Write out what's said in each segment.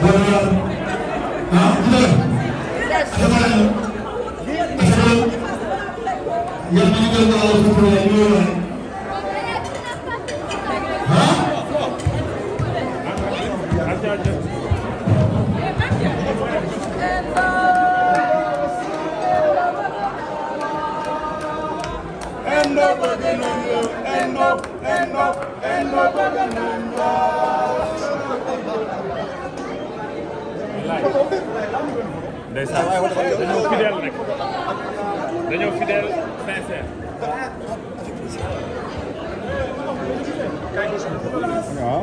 ah ndeysaan dañoo fidèle rek dañoo fidèle sincère. waaw.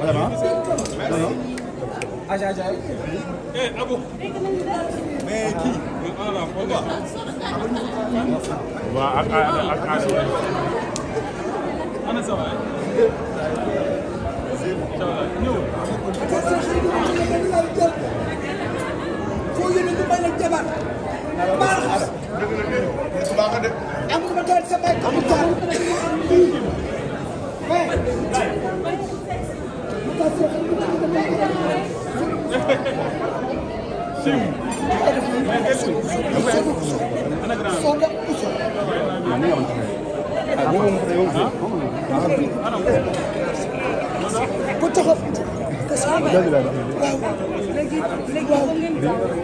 vraiment. aja aja. eh Abou. mais kii. waaw ak ak ak ana sa waay. incha allah ñëw. yéene ñu bañ a jabar baal xas amul ma doon sa bay amul taal bu taxaw waaw léegi léegi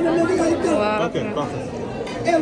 ok eh, parfait.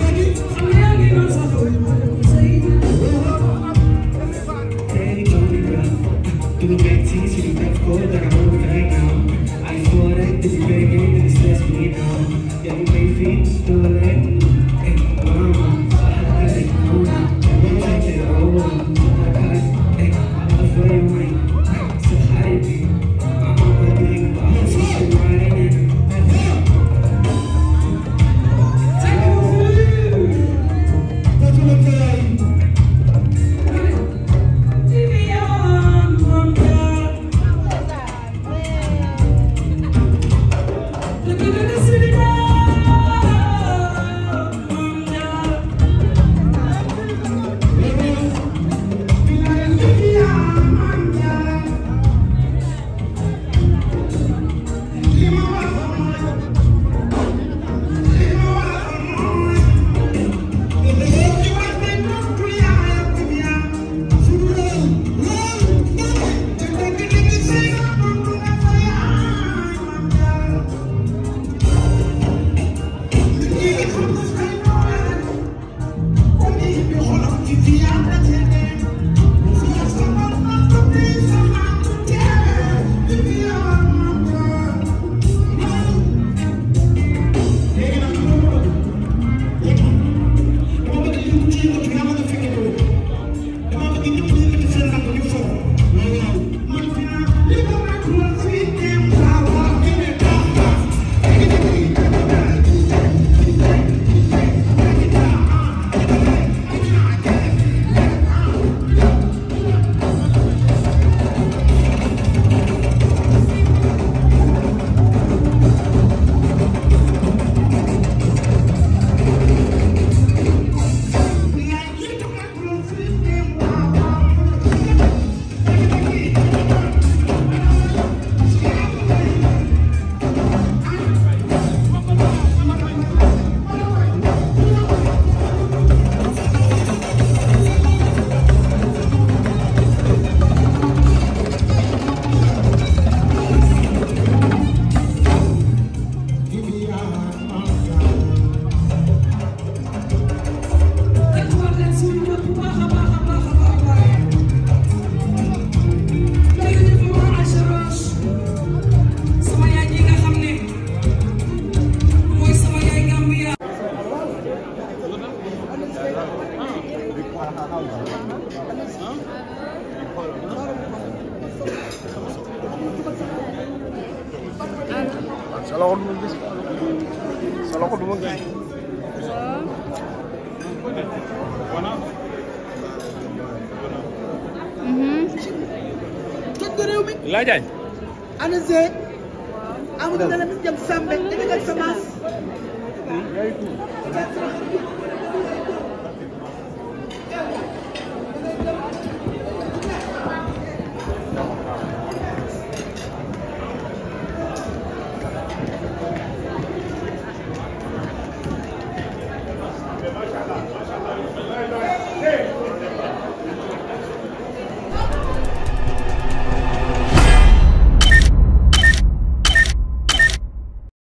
sa loxo du ma gis sa loxo du ma gis. tëgg réew mi. laa jaay. ana Zé. amuñu dana jëm